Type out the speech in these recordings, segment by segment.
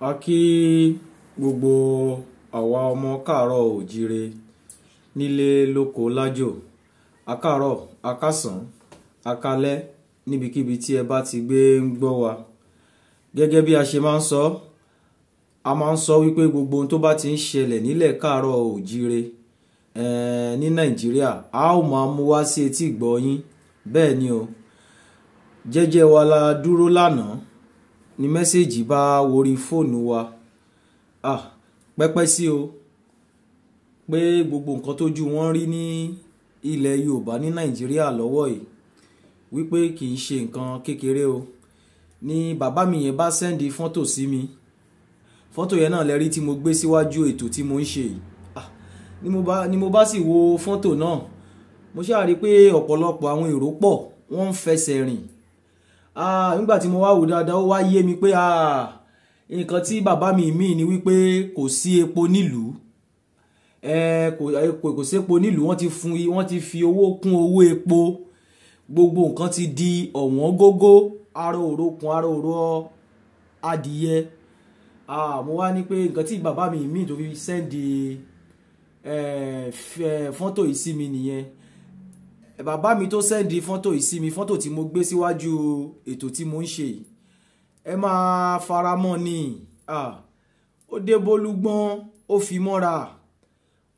a kí gbogbo àwa ọmọ káàárọ̀ òjíire nílé lóko lájò akáàárọ̀ akásàn akálẹ́ níbikíbi tí ẹ bá ti gbé ń gbọ́ wa gẹ́gẹ́ bí a ṣe máa ń sọ a máa ń sọ wípé gbogbo ohun tó bá ti ń ṣẹlẹ̀ nílẹ̀ káàárọ̀ òjíire eh, ní nàìjíríà a ó máa mú wá sí etí ìgbọ́ yín bẹ́ẹ̀ ni o jẹ́jẹ́ wa la dúró lánàá ni mẹ́sẹ̀gì bá wọrí fóònù wa ah pẹ́pẹ́ sí o pé gbogbo nǹkan tójú wọn rí ní ilẹ̀ Yorùbá ní Nàìjíríà lọ́wọ́ yìí wípé kì í ṣe nǹkan kékeré o ni bàbá mi yẹn bá sẹ́ndì fọ́tò sí mi fọ́tò yẹn náà lẹ́rí tí mo gbé síwájú ètò tí mo ń ṣe yìí ah ni mo bá sì wo fọ́tò náà mo ṣáà rí i pé ọ̀pọ̀lọpọ̀ àwọn èrò pọ̀ wọ́n ń fẹsẹ̀ rìn Ah, nígbà tí mo wá wò dáadáa ó wá yé mi pé ah, nǹkan tí bàbá mi mí ni wípé kò sí epo nílùú eh, kò eh, sépo nílùú wọ́n ti fún wọ́n ti fi owó kún owó epo gbogbo nǹkan ti di ọ̀wọ́n gógó ara òro kun ara òro adìyẹ ah, mo wá ní pé nǹkan tí bàbá mi mí tó fi sẹ́ndì eh, fọ́tò yìí sí mi nìyẹn bàbá mi tó sẹ́ndì fọ́tò yìí sí mi fọ́tò tí mo gbé síwájú ètò tí mo ń ṣe yìí ẹ máa faramọ́ ni ó dé bolúgbọ́n ó fi mọ́ra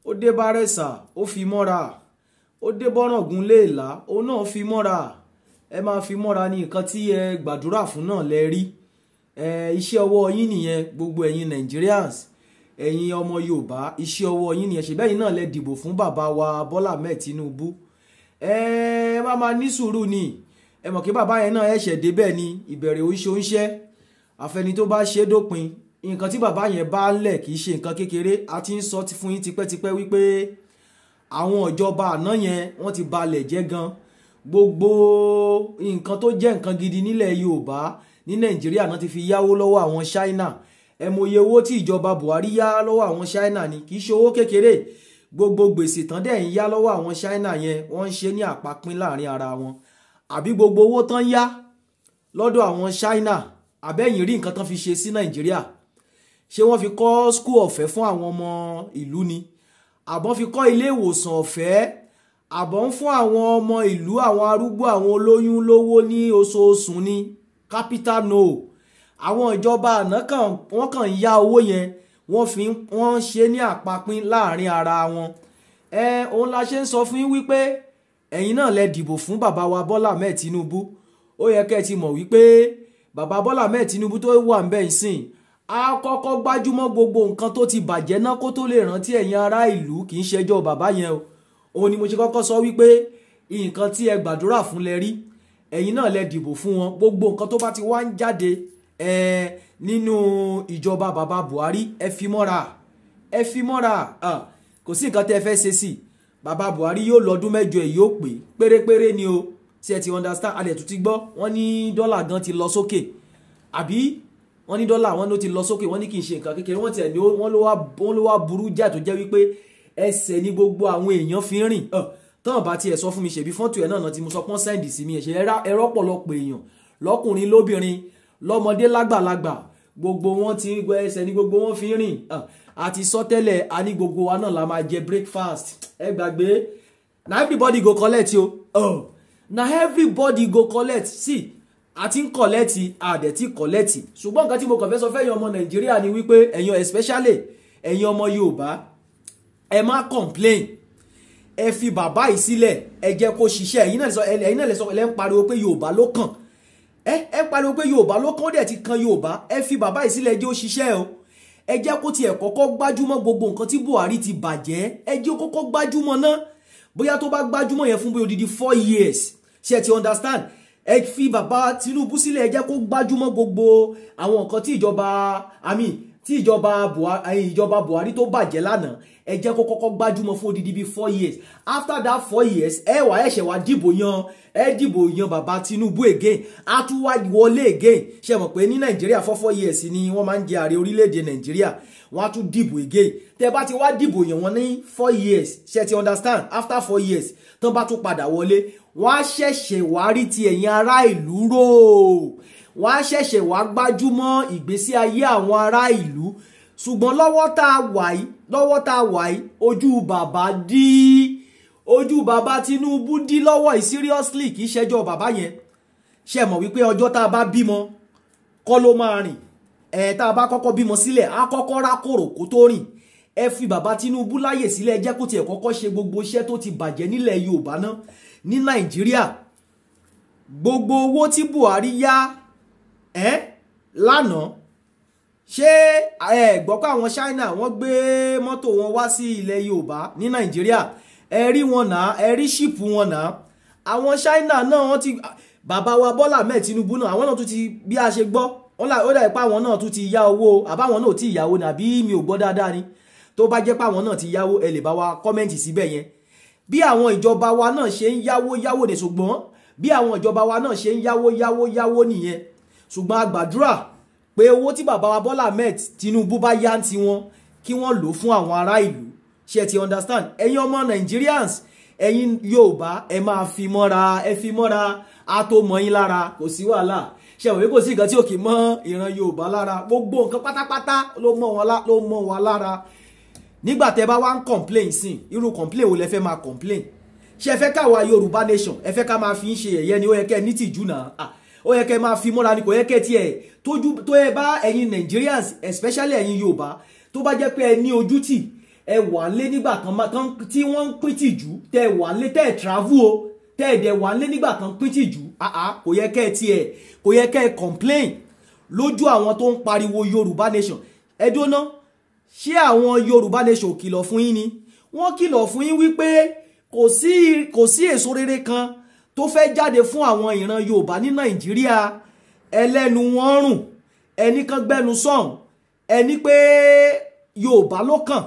ó dé bárẹ̀sà ó fi mọ́ra ó dé bọ́ràngún léèlá òun náà fi mọ́ra ẹ máa fi mọ́ra ní nǹkan tí ẹ gbàdúrà fún náà lẹ rí ẹ iṣẹ́ ọwọ́ yín nìyẹn gbogbo ẹ̀yin Nigerians ẹ̀yin ọmọ Yorùbá iṣẹ́ ọwọ́ yín nìyẹn ṣèbẹ́yìn náà lẹ dìbò fún bàbá wa Bọ́lá mẹ́ẹ̀ Tinubu ẹ má máa ní sùúrù ni ẹ mọ̀ kí bàbá yẹn náà ẹ̀ṣẹ̀ débẹ̀ ni ìbẹ̀rẹ̀ oṣù ń ṣẹ́ àfẹni tó bá ṣe dópin nǹkan tí bàbá yẹn bá lẹ̀ kì í ṣe nǹkan kékeré a ti ń sọ fún yín tipẹ́tipẹ́ wípé àwọn ìjọba àná yẹn wọ́n ti balẹ̀ jẹ́ gan gbogbo nǹkan tó jẹ́ nǹkan gidi nílẹ̀ Yorùbá ní Nàìjíríà náà ti fi yáwó lọ́wọ́ àwọn China ẹ mọ̀ye owó tí ìjọba Buhari yá lọ́wọ́ àwọn China ni kì í ṣe owó kékeré gbogbo gbèsè tán dẹ̀ ń yá lọ́wọ́ àwọn China yẹn wọ́n ń ṣe ní àpapín láàrin ara wọn àbí gbogbo owó tán yá lọ́dọ̀ àwọn China àbẹ́yìn rí nǹkan tán fi ṣe sí Nàìjíríà ṣé wọ́n fi kọ́ school ọ̀fẹ́ fún àwọn ọmọ ìlú ni àbọ̀n fi kọ́ ilé ìwòsàn ọ̀fẹ́ àbọ̀n ń fún àwọn ọmọ ìlú àwọn arúgbó àwọn olóyún lówó ní oṣooṣù ni capital no àwọn ìjọba àná kan wọ́n kàn ń yá owó yẹn wọ́n fi wọ́n ṣe ní àpapín láàrin ara wọn ẹ òun la ṣe ń sọ fún yín wípé ẹ̀yin náà lẹ dìbò fún bàbá wa Bọ́lá Ahmed Tinubu ó yẹ kẹ́ ẹ ti mọ̀ wípé bàbá Bọ́lá Ahmed Tinubu tó wà ń bẹ̀ ń sìn á kọ́kọ́ gbájúmọ́ gbogbo nǹkan tó ti bàjẹ́ náà kó tó lè rántí ẹ̀yin ará ìlú kì í ṣẹjọ́ bàbá yẹn o òun ni mo ṣe kọ́kọ́ sọ wípé nǹkan tí ẹ gbàdúrà fún lẹ rí ẹ̀yin náà lẹ dìbò fún wọn gbogbo nǹkan tó bá ti wá ń jáde ẹ̀ẹ́ nínú ìjọba bàbá Buhari ẹ fi mọ́ra ẹ fi mọ́ra kò sí nǹkan tẹ́ ẹ fẹ́ ṣe sí bàbá Buhari yóò lọ́dún mẹ́jọ ẹ̀ yóò pé pérépéré ni o tí ẹ ti understand alẹ̀ tó ti gbọ́ wọ́n ní dọ́là gan ti lọ sókè àbí wọ́n ní dọ́là wọn ló ti lọ sókè wọ́n ní kì í ṣe nǹkan kékeré wọ́n tiẹ̀ ní wọ́n ló wá burú jà tó jẹ́ wípé ẹsẹ̀ ní gbogbo àwọn èèyàn fi ń rìn tán bá tiẹ̀ sọ fún mi ṣèbí fọ́tò ẹ̀ náà ti mo sọ pọ́n sẹ́ǹdì sí mi ẹ̀ṣẹ̀ ẹ̀rọ ọ̀pọ̀lọpọ̀ èèyàn lọ́kùnrin lóbìnrin lọ́mọdé lágbàlagbà gbogbo wọn ti ń gbọ ẹsẹ̀ ní gbogbo wọn fi ń rìn àti sọtẹ́lẹ̀ a ní gbogbo wa náà la máa jẹ breakfast ẹ gbàgbé na everybody go collect o oh. na everybody go collect see àti ń collect àdẹ̀tí collect ṣùgbọ́n nǹkan tí mo kàn fẹ́ sọ fẹ́yìn ọmọ nàìjíríà ni wípé ẹ̀yin especially ẹ̀yin ọmọ yorùbá ẹ má complain ẹ fi bàbá yìí sílẹ̀ ẹ jẹ́ kó ṣiṣẹ́ ẹ̀yin náà lè sọ ẹ̀ ń pariwo pé yorùbá ló kàn ẹ ẹ pariwo pé yorùbá ló kàn dẹ̀ ti kan yorùbá ẹ fi bàbá yìí sílẹ̀ jẹ́ ó ṣiṣẹ́ o ẹ jẹ́ kó tiẹ̀ kọ́kọ́ gbájúmọ́ gbogbo nǹkan tí buhari ti bàjẹ́ ẹ jẹ́ kọ́kọ́ gbájúmọ́ náà bóyá tó bá gbájúmọ́ yẹn fún bí odidi four years ṣe ti understand ẹ fi bàbá tinubu sílẹ̀ ẹ jẹ́ kó gbájúmọ́ gbogbo àwọn nǹkan tí ìjọba àmì tí ìjọba buhari eh, ìjọba buhari tó bàjẹ́ lánàá ẹ jẹ́ kó kọ́kọ́ gbájúmọ́ fún odidi bíi four years after that four years e wa ẹ̀ṣẹ̀ wá dìbò yan ẹ dìbò yan bàbá tinubu again á wa wá again ṣe mo pé ní Nigeria four four years ni wọ́n máa ń jẹ ààrẹ Nigeria. èdè nàìjíríà wọ́n again tẹ́ bá ti wá dìbò yan wọn ní four years ṣe ti understand after four years tán bá tún padà wọlé wọ́n á wa wá rí ti ẹ̀yin ará ìlú rò wọ́n á ṣẹ̀ṣẹ̀ wá gbájúmọ́ ìgbésí ayé àwọn ará ìlú ṣùgbọ́n lọ́wọ́ tá a wà yìí lọ́wọ́ tá a wà yìí ojú bàbá dí ojú bàbá Tinubu dí lọ́wọ́ yìí seriously kì í ṣẹjọ́ bàbá yẹn ṣe mọ̀ wípé ọjọ́ tá a bá bímọ kọ́ ló máa rìn ẹ̀ tá a bá kọ́kọ́ bímọ sílẹ̀ á kọ́kọ́ rákòrò kó tó rìn ẹ fi bàbá Tinubu láyè sílẹ̀ ẹ jẹ́ kó tiẹ̀ kọ́kọ́ ṣe gbogbo iṣẹ́ tó ti bàjẹ́ nílẹ̀ Yorùbá náà ní Nàìjíríà gbogbo owó tí Buhari yá ẹ́ lánàá ṣé ẹ gbọ́ pé àwọn China wọ́n gbé mọ́tò wọn wá sí ilẹ̀ Yorùbá ní Nàìjíríà ẹ rí wọn nà ẹ rí ṣìpù wọn nà àwọn China náà wọ́n ti bàbá wa Bọ́lá Ahmed Tinubu náà àwọn náà tún ti bí a ṣe gbọ́ wọ́n là ó dàbí pé àwọn náà tún ti yá owó àbáwọn náà ò tí ì yáwó nàbí mi ò gbọ́ dáadáa ni tó bá jẹ́ pé àwọn náà ti yáwó ẹ lè bá wa kọ́mẹ́ǹtì síbẹ̀ yẹn bí àwọn ìjọba wa náà ṣe ń yáwó yáwó nìṣùgbọ́n bí àwọn ìjọba wa náà ṣe ń yáwó yáwó yáwó nìyẹn ṣùgbọ́n a gbàdúrà pé owó tí bàbá wa Bọ́lá Ahmed Tinubu bá yá ti wọn kí wọ́n lò fún àwọn ará ìlú ṣe ti understand ẹ̀yin ọmọ Nigerians ẹ̀yin Yorùbá ẹ máa fi mọ́ra ẹ fi mọ́ra a tó mọ́ yín lára kò sí wàhálà ṣe wòye kò sí nǹkan tí ò kì í mọ́ ìran Yorùbá lára gbogbo nǹkan pátápátá ló mọ́ wa lára nígbà tẹ́ bá wá ń complain sí irú complain wo lẹ fẹ́ máa complain ṣe ẹ fẹ́ káwa Yorùbá nation ẹ fẹ́ ká máa fi ń ṣe ẹ̀yẹ ni ó yẹ kẹ́ ní tìjú náà ó yẹ kẹ́ máa fi mọ́ra ni kò yẹ kẹ́ tiẹ̀ tójú tó yẹ bá ẹ̀yin Nigerians especially ẹ̀yin Yorùbá tó bá jẹ́ pé ẹ ní ojú tì ẹ wà ń lé nígbà kan tí wọ́n ń pín tìjú tẹ́ ẹ wà ń lé tẹ́ ẹ travel o tẹ́ ẹ dẹ̀ wà ń lé nígbà kan pín tìjú àá kò yẹ kẹ́ tiẹ̀ kò yẹ kẹ́ complain lójú àwọn tó ń pariwo Yorùbá nation ẹ dóná ṣé àwọn Yorùbá nation kìlọ̀ fún yín ni wọ́n kìlọ̀ fún yín wípé kò sí èso rere kan tó fẹ́ jáde fún àwọn ìran Yorùbá ní Nàìjíríà ẹlẹ́nu wọn rùn ẹni kan gbẹnu sọ̀hún ẹni pé Yorùbá ló kàn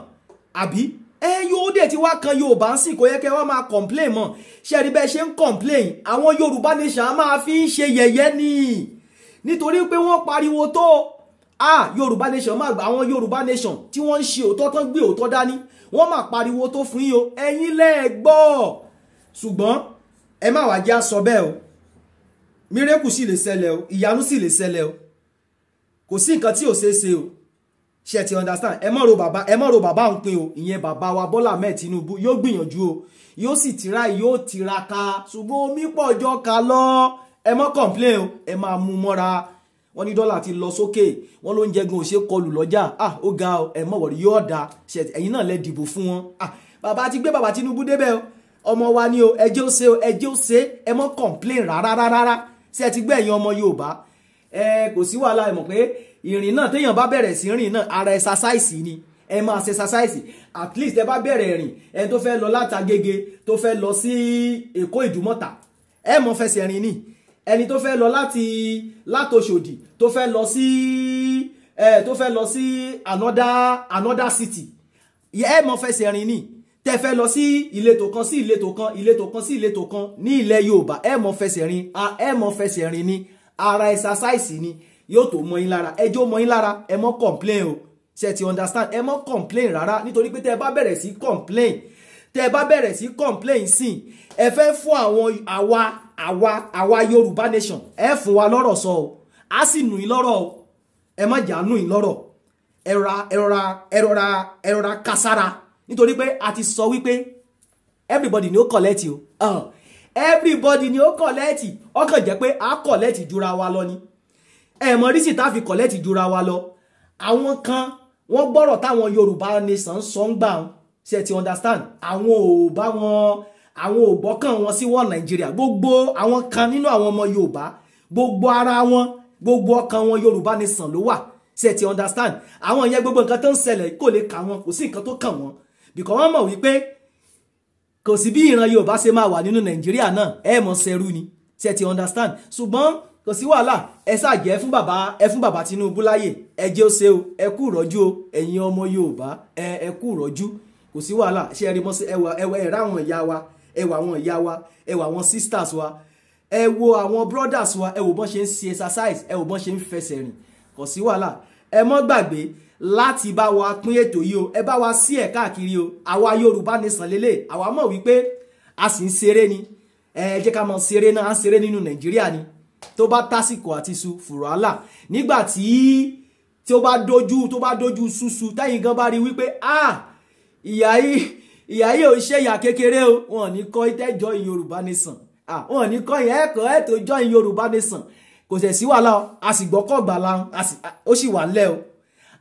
àbí ẹ yóò dé tí wàá kan Yorùbá ń sìn kó yẹ kẹ wàá máa complain mọ́ ṣẹ́ẹ̀rí bẹ́ẹ̀ ṣe ń complain àwọn Yorùbá nation á máa fi ń ṣe yẹ̀yẹ́ ni nítorí pé wọ́n pariwo tó ah Yorùbá nation máa gba àwọn Yorùbá nation tí wọ́n ń ṣe òótọ́ tán gbé òótọ́ dání wọ́n máa pariwo tó fún yín o ẹ̀yin lẹ́ẹ̀ ṣùgbọ́n ẹ má wàá já sọ bẹ́ẹ̀ o mírèkù sì lè ṣẹlẹ̀ o ìyanu sì lè ṣẹlẹ̀ o kò sí nǹkan tí ò ṣeé ṣe o ṣe ti understand ẹ má ro bàbá ẹ má ro bàbá ń pin o ìyẹn bàbá wa Bọ́lá Ahmed Tinubu yóò gbìyànjú o yóò sì tira yóò tiraka ṣùgbọ́n omi pọ̀ jọ ka lọ ẹ má complain o ẹ máa mú mọ́ra wọ́n ní dọ́là ti lọ sókè wọ́n ló ń jẹ́ gan ò ṣe kọlù lọ́jà ah ó ga ọ ẹ mọ̀ wọ̀rí yóò da ṣe ẹ̀yin náà lẹ dìbò fún wọn ah bàbá ti gbé bàbá Tinubu débẹ̀ o ọmọ wa ni o ẹjẹ́ ó ṣe o ẹjẹ́ ó ṣe ẹ mọ́ complain rárá rárá sí ẹ ti gbé ẹ̀yin ọmọ Yorùbá ẹ kò sí wàhálà ẹ mọ̀ pé ìrìn náà téèyàn bá bẹ̀rẹ̀ sí rìn náà ara exercise ni ẹ máa ṣe exercise at least ẹ bá bẹ̀rẹ̀ rìn ẹni tó fẹ́ lọ láti Agége tó fẹ́ lọ sí Èkó Ìdúmọ̀tà ẹ mọ fẹsẹ̀ rìn ni ẹni tó fẹ́ lọ láti látòṣòdì tó fẹ́ lọ sí ẹ tó fẹ́ lọ sí another another city ẹ mọ fẹsẹ̀ rìn ni tẹ́ fẹ́ lọ sí ìletò kan sí ìletò kan ìletò kan sí ìletò kan ní ilẹ̀ Yorùbá ẹ mọ fẹsẹ̀ rin ẹ mọ fẹsẹ̀ rin ni ara ẹsasáìsì ni yóò tó mọ yín lára ẹjọ́ mọ yín lára ẹ mọ complain o ṣe ti understand ẹ mọ complain rárá nítorí pé tẹ́ bá bẹ̀rẹ̀ sí complain tẹ́ bá bẹ̀rẹ̀ sí complain sìn ẹ fẹ́ fún àwọn àwa àwa àwa Yorùbá nation ẹ fún wa lọ́rọ̀ sọ o á sì nù yín lọ́rọ̀ o ẹ má jà nù yín lọ́rọ̀ ẹ rọra ẹ rọra ẹ rọra ẹ rọra kására nítorí pé a ti sọ wípé everybody ni ó collect o everybody ni ó collect ọkàn jẹ́ pé a collect jura wa lọ ni ẹ mọ rísì tá a fi collect jura wa lọ àwọn kan wọ́n gbọ́rọ̀ táwọn Yorùbá nation sọ ń gbà ṣe ti understand àwọn ò bá wọn àwọn ò gbọ́kàn wọn sí wọ́n Nàìjíríà gbogbo àwọn kan nínú àwọn ọmọ Yorùbá gbogbo ara wọn gbogbo ọkàn wọn Yorùbá nation ló wà ṣe ti understand àwọn yẹn gbogbo nǹkan tó ń ṣẹlẹ̀ kò lè kà wọn kò sí nǹkan tó kàn wọn bìkọ́ wọ́n mọ̀ wípé kò sí bí ìran Yorùbá ṣe máa wà nínú Nàìjíríà náà ẹ mọ̀ sẹ́rú ni ṣe ti understand ṣùgbọ́n kò sí wàhálà ẹ ṣàjẹ́ fún bàbá ẹ fún bàbá Tinubu láyè ẹ jẹ́ ó ṣe o ẹ kú ìrọ́jú o ẹ̀yin ọmọ Yorùbá ẹ ẹ kú ìrọ́jú kò sí wàhálà ṣe ẹ rí mọ́ sí ẹwà ẹwà àwọn ìyá wa ẹwà àwọn ìyá wa ẹwà àwọn sisters wa ẹ wo àwọn brothers wa ẹ wò bọ́n ṣe ń ṣe exercise ẹ wò bọ́n ṣe ń fẹsẹ̀ rìn kò sí wàhálà ẹ mọ́ gbàgbé láti bá wa pín ètò yìí o ẹ bá wa sí ẹ̀ káàkiri o àwa Yorùbá Nation lélẹ̀ àwa mọ̀ wípé a sì ń ṣeré ni ẹ jẹ́ ká mọ̀ ṣeré náà à ń ṣeré nínú Nàìjíríà ni tó bá tásìkò àti su fùrọ̀hálà nígbà tí tí bá dojú tó bá dojú ṣuṣu táyìn gan bá rí wípé ah ìyá yìí ìyá yìí ò ṣe ìyà kékeré o wọn ní kọ́ ìtẹ́jọ́ Yorùbá Nation ah wọn ní kọ́ ìyá ẹ̀kọ́ ètò ìjọ́ Yorùbá Nation kò tẹ̀ sí wàhálà a sì gbọ́kọ̀ gbàlà o ó sì wà lẹ́ o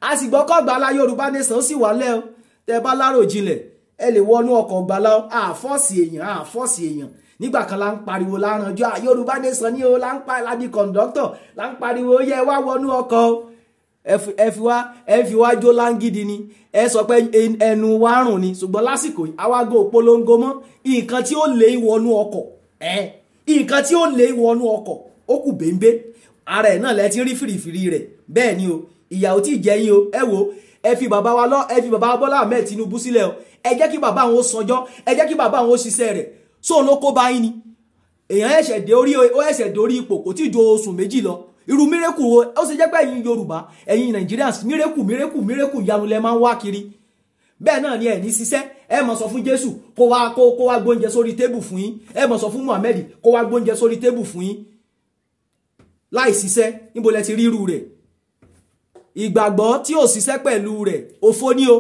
a sì gbọ́ kọ́ gbala yorùbá nation sì wálẹ̀ o tẹ bá lárò jinlẹ̀ ẹ lè wọnú ọkọ̀ gbala àfọ́sì èèyàn àfọ́sì èèyàn nígbà kan la ń pariwo láranjọ yorùbá nation ni o la ń pa labi kọ̀ǹdọ́tọ̀ la ń pariwo yẹ wá wọnú ọkọ̀ o ẹ fi wá ẹ fi wá jó láńgídí ni ẹ sọ pé ẹnu wa rùn ni ṣùgbọ́n lásìkò awágò òpolongo mọ́ nǹkan tí ó lé ìwọnú ọkọ̀ ẹ nǹkan tí ó lé ìwọnú ọkọ̀ ó kù bẹ́ńbẹ́ ara ẹ̀ náà lẹ ti rí fìrìfìrì rẹ̀ bẹ́ẹ̀ ni o ìyàwó tí ìjẹ yín o ẹ wo ẹ fi bàbá wa lọ ẹ fi bàbá Bọ́lá Ahmed Tinubu sílẹ̀ o ẹ jẹ́ kí bàbá àwọn ó sanjọ́ ẹ jẹ́ kí bàbá àwọn ó ṣiṣẹ́ rẹ̀ sóun ló kó bá yín ni èèyàn ẹ̀ṣẹ̀ dé orí ó ẹ̀ṣẹ̀ dé orí ipò kò tí ì ju oṣù méjì lọ irú mírèkù wo ó ṣe jẹ́ pé ẹ̀yin Yorùbá ẹ̀yin Nigerians mírèkù mírèkù mírèkù ìyanu lẹ máa ń wá kiri bẹ́ẹ̀ náà ni ẹ̀ ní ṣiṣẹ́ ẹ mọ̀ sọ fún Jésù kó wá kó kó wá gbóúnjẹ sórí tébù fún yín ẹ mọ̀ sọ fún Muhammed kó wá gbóúnjẹ sórí tébù fún yín láì ṣiṣẹ́ níbo lẹ ti rí irú rẹ̀ ìgbàgbọ́ tí ò ṣiṣẹ́ pẹ̀lú rẹ̀ òfo ni o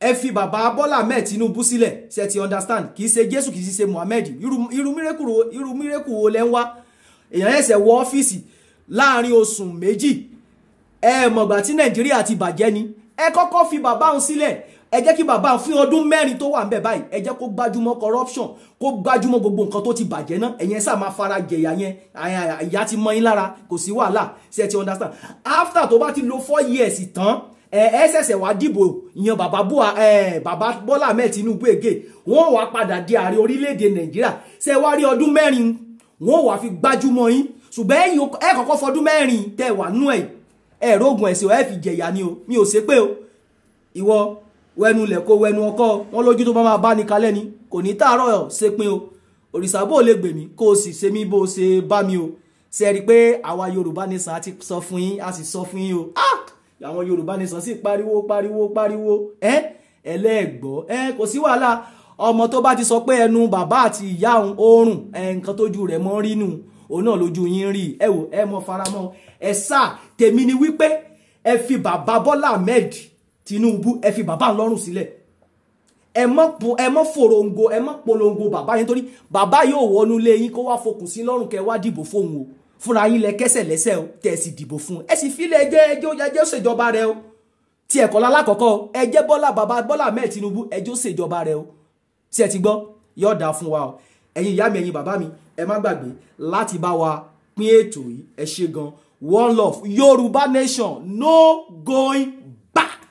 ẹ fi bàbá Bọ́lá Ahmed Tinubu sílẹ̀ ṣe ti understand kì í ṣe Jésù kì í ṣe Muhammed irú mírèkù wo lẹ́ ń wá èèyàn ẹ̀sẹ̀ wọ ọ́fíìsì láàrin oṣù méjì ẹ mọ̀gbà tí Nàìjíríà ti bàjẹ́ ni ẹ kọ́kọ́ fi bàbá òun sílẹ̀ ẹ jẹ́ kí bàbá fún ọdún mẹ́rin tó wà ń bẹ̀ báyìí ẹ jẹ́ kó gbájúmọ́ corruption kó gbájúmọ́ gbogbo nǹkan tó ti bàjẹ́ náà ẹ̀yẹn sáà máa fara jẹ̀yà yẹn ìyá ti mọ yín lára kò sí wàhálà ṣe ti understand after tó bá ti lo four years tán ẹ ẹ ṣẹ̀ṣẹ̀ wá dìbò yan bàbá bua ẹ bàbá Bọ́lá Ahmed Tinubu ege wọ́n wá padà di ààrẹ orílẹ̀-èdè Nàìjíríà ṣe wá rí ọdún mẹ́rin wọ́n wá fi gbájúmọ́ yín ṣùgbọ́n ẹ̀yin ẹ kọ́kọ́ fọdún mẹ́rin tẹ̀ wá nú ẹ̀ ẹ̀ rógun ẹ̀sìn ẹ̀ fi jẹ̀yà ni o mi ò ṣépè o ìwọ wẹnu lẹ̀ kó wẹnu ọkọ́ wọn lójú tó bá máa bá ní kalẹ́ ni kò ní tààrọ̀ ṣepin o òrìṣà bò lè gbè mí kó o sì ṣe mí bó o ṣe bá mi o ṣe rí i pé àwa yorùbá nìsan ti sọ fún yín a sì sọ fún yín o ah! àwọn yorùbá nìsan sì pariwo pariwo pariwo ẹ ẹlẹ́gbọ́ ẹ kò sí wàhálà ọmọ tó bá ti sọ pé ẹnu bàbá àti ìyá òun oorun nǹkan tójú rẹ̀ mọ́ rí nù òun náà lójú yín rí ẹ wò ẹ mọ faramọ́ ẹ sáà tèmi ni wípé ẹ fi bàbá Bọ́lá Ahmed Tinubu ẹ fi bàbá lọ́rùn sílẹ̀ ẹ mọ́ ẹ mọ́ fòròǹgò ẹ mọ́ polongo bàbá yín torí bàbá yóò wọnú lé yín kó wá fokùn sí lọ́rùn kẹ wá dìbò fóun o fúnra yín lẹ kẹsẹ̀ lẹ́sẹ̀ o tẹ̀ sì dìbò fún un ẹ sì filẹ̀ ẹjẹ́ ẹjẹ́ ó ṣèjọba rẹ o ti ẹ̀kọ́ lálákọ̀ọ́kọ́ ẹjẹ́ Bọ́lá bàbá Bọ́lá mẹ́ẹ̀ Tinubu ẹjẹ́ ó ṣèjọba rẹ o ṣé ẹ ti gbọ́ yóò dáa fún wa o ẹ̀yin ìyá mi ẹ̀yin bàbá mi ẹ má gbàgbé láti bá wa pín ètò yìí ẹ ṣe gan one love Yorùbá nation no going back.